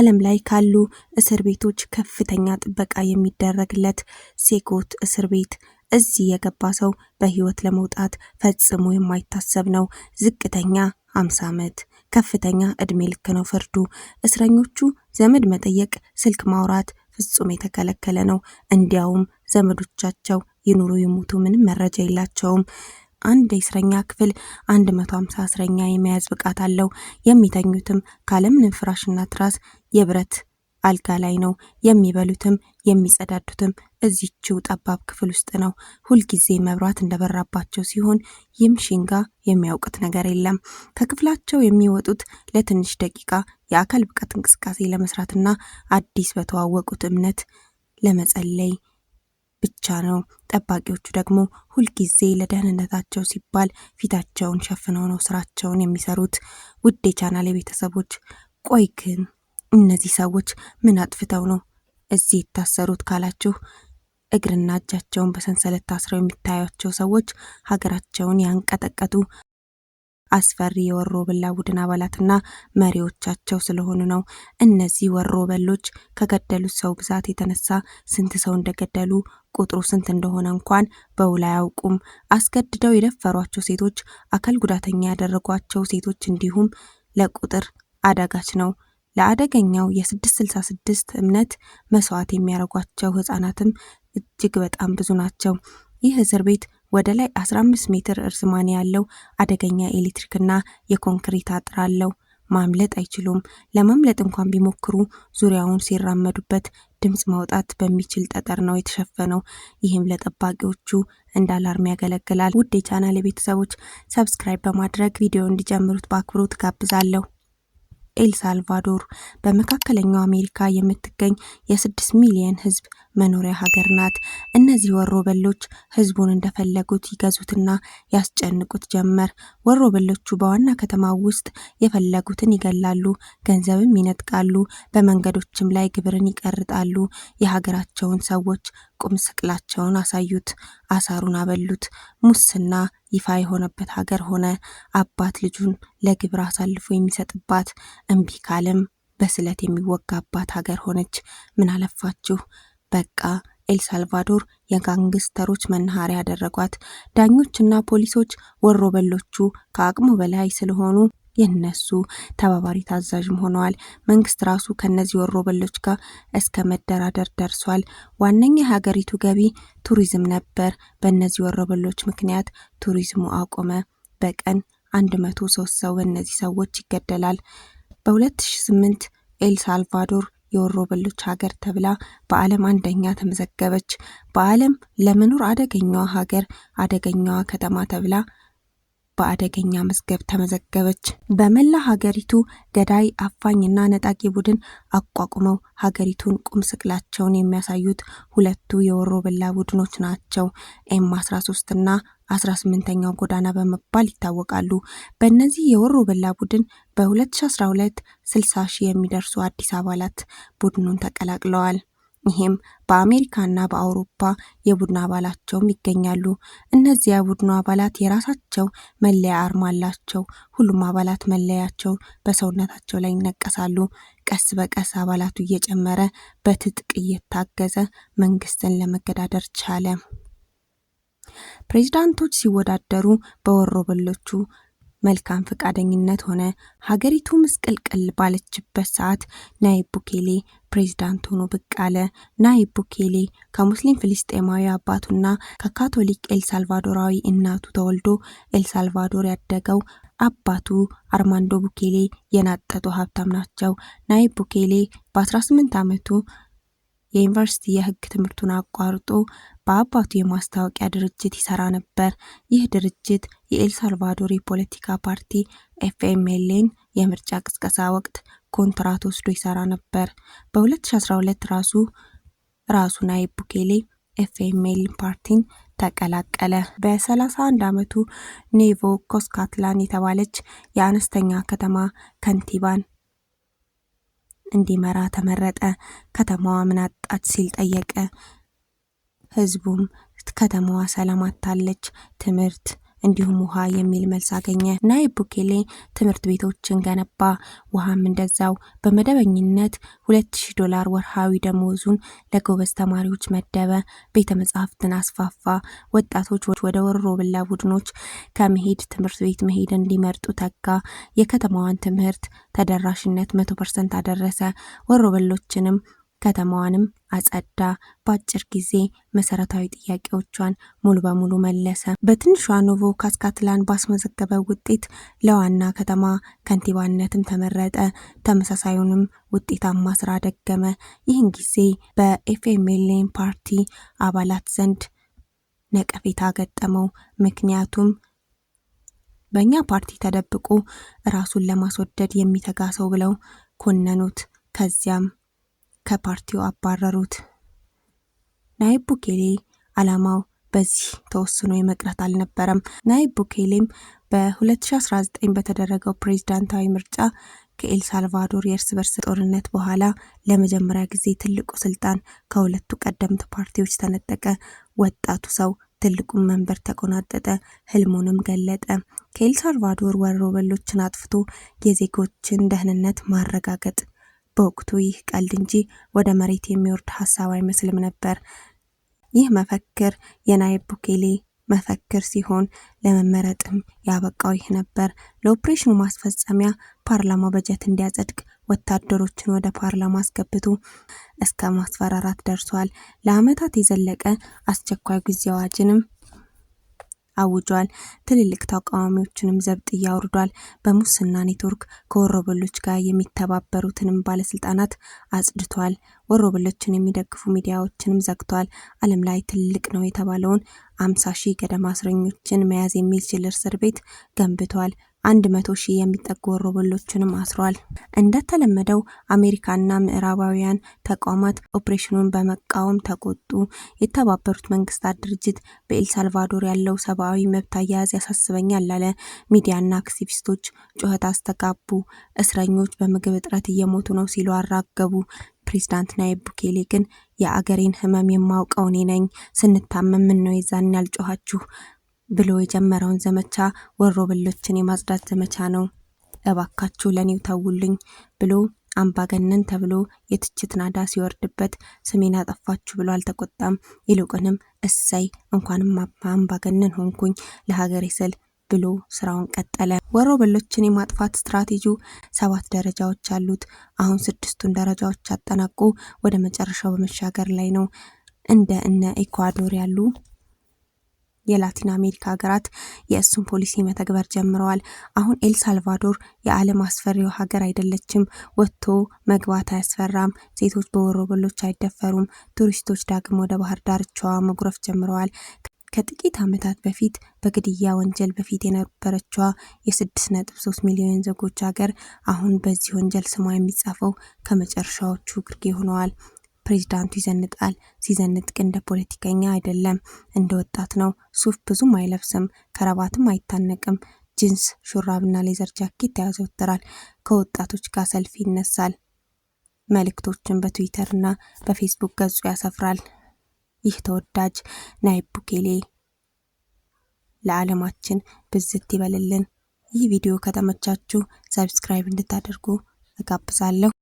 ዓለም ላይ ካሉ እስር ቤቶች ከፍተኛ ጥበቃ የሚደረግለት ሴኮት እስር ቤት እዚህ የገባ ሰው በህይወት ለመውጣት ፈጽሞ የማይታሰብ ነው። ዝቅተኛ 50 ዓመት፣ ከፍተኛ እድሜ ልክ ነው ፍርዱ። እስረኞቹ ዘመድ መጠየቅ፣ ስልክ ማውራት ፍጹም የተከለከለ ነው። እንዲያውም ዘመዶቻቸው ይኑሩ ይሙቱ ምንም መረጃ የላቸውም። አንድ የእስረኛ ክፍል 150 እስረኛ የመያዝ ብቃት አለው። የሚተኙትም ካለምንም ፍራሽና ትራስ የብረት አልጋ ላይ ነው። የሚበሉትም የሚጸዳዱትም እዚችው ጠባብ ክፍል ውስጥ ነው። ሁልጊዜ መብራት እንደበራባቸው ሲሆን ይህም ሽንጋ የሚያውቁት ነገር የለም። ከክፍላቸው የሚወጡት ለትንሽ ደቂቃ የአካል ብቃት እንቅስቃሴ ለመስራትና አዲስ በተዋወቁት እምነት ለመጸለይ ብቻ ነው። ጠባቂዎቹ ደግሞ ሁልጊዜ ለደህንነታቸው ሲባል ፊታቸውን ሸፍነው ነው ስራቸውን የሚሰሩት። ውድ የቻናል የቤተሰቦች፣ ቆይ ግን እነዚህ ሰዎች ምን አጥፍተው ነው እዚህ የታሰሩት ካላችሁ እግርና እጃቸውን በሰንሰለት ታስረው የሚታያቸው ሰዎች ሀገራቸውን ያንቀጠቀጡ አስፈሪ የወሮ በላ ቡድን አባላትና መሪዎቻቸው ስለሆኑ ነው። እነዚህ ወሮ በሎች ከገደሉት ሰው ብዛት የተነሳ ስንት ሰው እንደገደሉ ቁጥሩ ስንት እንደሆነ እንኳን በውል አያውቁም። አስገድደው የደፈሯቸው ሴቶች፣ አካል ጉዳተኛ ያደረጓቸው ሴቶች እንዲሁም ለቁጥር አዳጋች ነው። ለአደገኛው የ666 እምነት መስዋዕት የሚያደርጓቸው ህጻናትም እጅግ በጣም ብዙ ናቸው። ይህ እስር ቤት ወደ ላይ 15 ሜትር እርዝማኔ ያለው አደገኛ ኤሌክትሪክና የኮንክሪት አጥር አለው። ማምለጥ አይችሉም። ለማምለጥ እንኳን ቢሞክሩ ዙሪያውን ሲራመዱበት ድምፅ ማውጣት በሚችል ጠጠር ነው የተሸፈነው። ይህም ለጠባቂዎቹ እንደ አላርም ያገለግላል። ውድ የቻናል ቤተሰቦች ሰብስክራይብ በማድረግ ቪዲዮ እንዲጀምሩት በአክብሮት ጋብዛለሁ። ኤልሳልቫዶር በመካከለኛው አሜሪካ የምትገኝ የስድስት ሚሊየን ህዝብ። መኖሪያ ሀገር ናት። እነዚህ ወሮ በሎች ህዝቡን እንደፈለጉት ይገዙትና ያስጨንቁት ጀመር። ወሮ በሎቹ በዋና ከተማ ውስጥ የፈለጉትን ይገላሉ፣ ገንዘብም ይነጥቃሉ፣ በመንገዶችም ላይ ግብርን ይቀርጣሉ። የሀገራቸውን ሰዎች ቁም ስቅላቸውን አሳዩት፣ አሳሩን አበሉት። ሙስና ይፋ የሆነበት ሀገር ሆነ። አባት ልጁን ለግብር አሳልፎ የሚሰጥባት እምቢ ካለም በስለት የሚወጋባት ሀገር ሆነች። ምን አለፋችሁ በቃ ኤልሳልቫዶር የጋንግስተሮች መናኸሪያ ያደረጓት። ዳኞችና ፖሊሶች ወሮበሎቹ ከአቅሙ በላይ ስለሆኑ የነሱ ተባባሪ ታዛዥም ሆነዋል። መንግስት ራሱ ከነዚህ ወሮበሎች ጋር እስከ መደራደር ደርሷል። ዋነኛ የሀገሪቱ ገቢ ቱሪዝም ነበር። በእነዚህ ወሮበሎች ምክንያት ቱሪዝሙ አቆመ። በቀን 103 ሰው በእነዚህ ሰዎች ይገደላል። በ2008 ኤል ሳልቫዶር የወሮበሎች ሀገር ተብላ በዓለም አንደኛ ተመዘገበች። በዓለም ለመኖር አደገኛዋ ሀገር፣ አደገኛዋ ከተማ ተብላ በአደገኛ መዝገብ ተመዘገበች። በመላ ሀገሪቱ ገዳይ አፋኝና ነጣቂ ቡድን አቋቁመው ሀገሪቱን ቁም ስቅላቸውን የሚያሳዩት ሁለቱ የወሮ በላ ቡድኖች ናቸው ኤም 13 እና 18ኛው ጎዳና በመባል ይታወቃሉ። በእነዚህ የወሮ በላ ቡድን በ2012 60 ሺህ የሚደርሱ አዲስ አባላት ቡድኑን ተቀላቅለዋል። ይህም በአሜሪካና በአውሮፓ የቡድን አባላቸውም ይገኛሉ። እነዚያ የቡድኑ አባላት የራሳቸው መለያ አርማ አላቸው። ሁሉም አባላት መለያቸው በሰውነታቸው ላይ ይነቀሳሉ። ቀስ በቀስ አባላቱ እየጨመረ በትጥቅ እየታገዘ መንግስትን ለመገዳደር ቻለ። ፕሬዝዳንቶች ሲወዳደሩ በወሮበሎቹ መልካም ፈቃደኝነት ሆነ። ሀገሪቱ ምስቅልቅል ባለችበት ሰዓት ናይብ ቡኬሌ ፕሬዝዳንት ሆኖ ብቅ አለ። ናይብ ቡኬሌ ከሙስሊም ፍልስጤማዊ አባቱና ከካቶሊክ ኤልሳልቫዶራዊ እናቱ ተወልዶ ኤልሳልቫዶር ያደገው አባቱ አርማንዶ ቡኬሌ የናጠጡ ሀብታም ናቸው። ናይብ ቡኬሌ በ18 ዓመቱ የዩኒቨርሲቲ የህግ ትምህርቱን አቋርጦ በአባቱ የማስታወቂያ ድርጅት ይሰራ ነበር። ይህ ድርጅት የኤልሳልቫዶር የፖለቲካ ፓርቲ ኤፍኤምኤልን የምርጫ ቅስቀሳ ወቅት ኮንትራት ወስዶ ይሰራ ነበር። በ2012 ራሱ ራሱ ናይብ ቡኬሌ ኤፍኤምኤል ፓርቲን ተቀላቀለ። በ31 ዓመቱ ኔቮ ኮስካትላን የተባለች የአነስተኛ ከተማ ከንቲባን እንዲመራ ተመረጠ። ከተማዋ ምን አጣች ሲል ጠየቀ። ህዝቡም ከተማዋ ሰላም አታለች ትምህርት እንዲሁም ውሃ የሚል መልስ አገኘ። ናይብ ቡኬሌ ትምህርት ቤቶችን ገነባ። ውሃም እንደዛው። በመደበኝነት 2000 ዶላር ወርሃዊ ደሞዙን ለጎበዝ ተማሪዎች መደበ። ቤተ መጻሕፍትን አስፋፋ። ወጣቶች ወደ ወሮ ብላ ቡድኖች ከመሄድ ትምህርት ቤት መሄድ እንዲመርጡ ተጋ። የከተማዋን ትምህርት ተደራሽነት መቶ ፐርሰንት አደረሰ። ወሮ በሎችንም ከተማዋንም አጸዳ። በአጭር ጊዜ መሰረታዊ ጥያቄዎቿን ሙሉ በሙሉ መለሰ። በትንሿ ኖቮ ካስካትላን ባስመዘገበ ውጤት ለዋና ከተማ ከንቲባነትም ተመረጠ። ተመሳሳዩንም ውጤታማ ስራ ደገመ። ይህን ጊዜ በኤፍኤምኤልኤን ፓርቲ አባላት ዘንድ ነቀፌታ ገጠመው። ምክንያቱም በእኛ ፓርቲ ተደብቆ ራሱን ለማስወደድ የሚተጋ ሰው ብለው ኮነኑት። ከዚያም ከፓርቲው አባረሩት። ናይብ ቡኬሌ አላማው በዚህ ተወስኖ የመቅረት አልነበረም። ናይብ ቡኬሌም በ2019 በተደረገው ፕሬዝዳንታዊ ምርጫ ከኤልሳልቫዶር የእርስ በርስ ጦርነት በኋላ ለመጀመሪያ ጊዜ ትልቁ ስልጣን ከሁለቱ ቀደምት ፓርቲዎች ተነጠቀ። ወጣቱ ሰው ትልቁን መንበር ተቆናጠጠ፣ ህልሙንም ገለጠ። ከኤልሳልቫዶር ወሮበሎችን አጥፍቶ የዜጎችን ደህንነት ማረጋገጥ በወቅቱ ይህ ቀልድ እንጂ ወደ መሬት የሚወርድ ሀሳብ አይመስልም ነበር። ይህ መፈክር የናይብ ቡኬሌ መፈክር ሲሆን ለመመረጥም ያበቃው ይህ ነበር። ለኦፕሬሽኑ ማስፈጸሚያ ፓርላማው በጀት እንዲያጸድቅ ወታደሮችን ወደ ፓርላማ አስገብቶ እስከ ማስፈራራት ደርሷል። ለአመታት የዘለቀ አስቸኳይ ጊዜ አዋጅንም አውጇል። ትልልቅ ተቃዋሚዎችንም ዘብጥ አውርዷል። በሙስና ኔትወርክ ከወሮበሎች ጋር የሚተባበሩትንም ባለስልጣናት አጽድቷል። ወሮበሎችን የሚደግፉ ሚዲያዎችንም ዘግቷል። ዓለም ላይ ትልቅ ነው የተባለውን አምሳ ሺህ ገደማ እስረኞችን መያዝ የሚችል እስር ቤት ገንብቷል። አንድ መቶ ሺህ የሚጠጉ ወሮበሎችንም አስሯል። እንደተለመደው አሜሪካና ምዕራባውያን ተቋማት ኦፕሬሽኑን በመቃወም ተቆጡ። የተባበሩት መንግስታት ድርጅት በኤልሳልቫዶር ያለው ሰብአዊ መብት አያያዝ ያሳስበኛል አለ። ሚዲያና አክቲቪስቶች ጩኸት አስተጋቡ። እስረኞች በምግብ እጥረት እየሞቱ ነው ሲሉ አራገቡ። ፕሬዚዳንት ናይብ ቡኬሌ ግን የአገሬን ህመም የማውቀው እኔ ነኝ፣ ስንታመም ነው የዛን ያልጮኋችሁ ብሎ የጀመረውን ዘመቻ ወሮ በሎችን የማጽዳት ዘመቻ ነው። እባካችሁ ለእኔው ተውልኝ ብሎ አምባገነን ተብሎ የትችት ናዳ ሲወርድበት ስሜን አጠፋችሁ ብሎ አልተቆጣም። ይልቁንም እሰይ እንኳንም አምባገነን ሆንኩኝ ለሀገሬ ስል ብሎ ስራውን ቀጠለ። ወሮ በሎችን የማጥፋት ስትራቴጂው ሰባት ደረጃዎች አሉት። አሁን ስድስቱን ደረጃዎች አጠናቆ ወደ መጨረሻው በመሻገር ላይ ነው። እንደ እነ ኢኳዶር ያሉ የላቲን አሜሪካ ሀገራት የእሱን ፖሊሲ መተግበር ጀምረዋል። አሁን ኤል ሳልቫዶር የዓለም አስፈሪው ሀገር አይደለችም። ወጥቶ መግባት አያስፈራም። ሴቶች በወሮበሎች አይደፈሩም። ቱሪስቶች ዳግም ወደ ባህር ዳርቻዋ መጉረፍ ጀምረዋል። ከጥቂት ዓመታት በፊት በግድያ ወንጀል በፊት የነበረችዋ የ6.3 ሚሊዮን ዜጎች ሀገር አሁን በዚህ ወንጀል ስሟ የሚጻፈው ከመጨረሻዎቹ ግርጌ ሆነዋል። ፕሬዚዳንቱ ይዘንጣል። ሲዘንጥ ግን እንደ ፖለቲከኛ አይደለም፣ እንደ ወጣት ነው። ሱፍ ብዙም አይለብስም፣ ከረባትም አይታነቅም። ጂንስ ሹራብና ሌዘር ጃኬት ያዘወትራል። ከወጣቶች ጋር ሰልፊ ይነሳል። መልእክቶችን በትዊተር እና በፌስቡክ ገጹ ያሰፍራል። ይህ ተወዳጅ ናይብ ቡኬሌ ለዓለማችን ብዝት ይበልልን። ይህ ቪዲዮ ከተመቻችሁ ሰብስክራይብ እንድታደርጉ እጋብዛለሁ።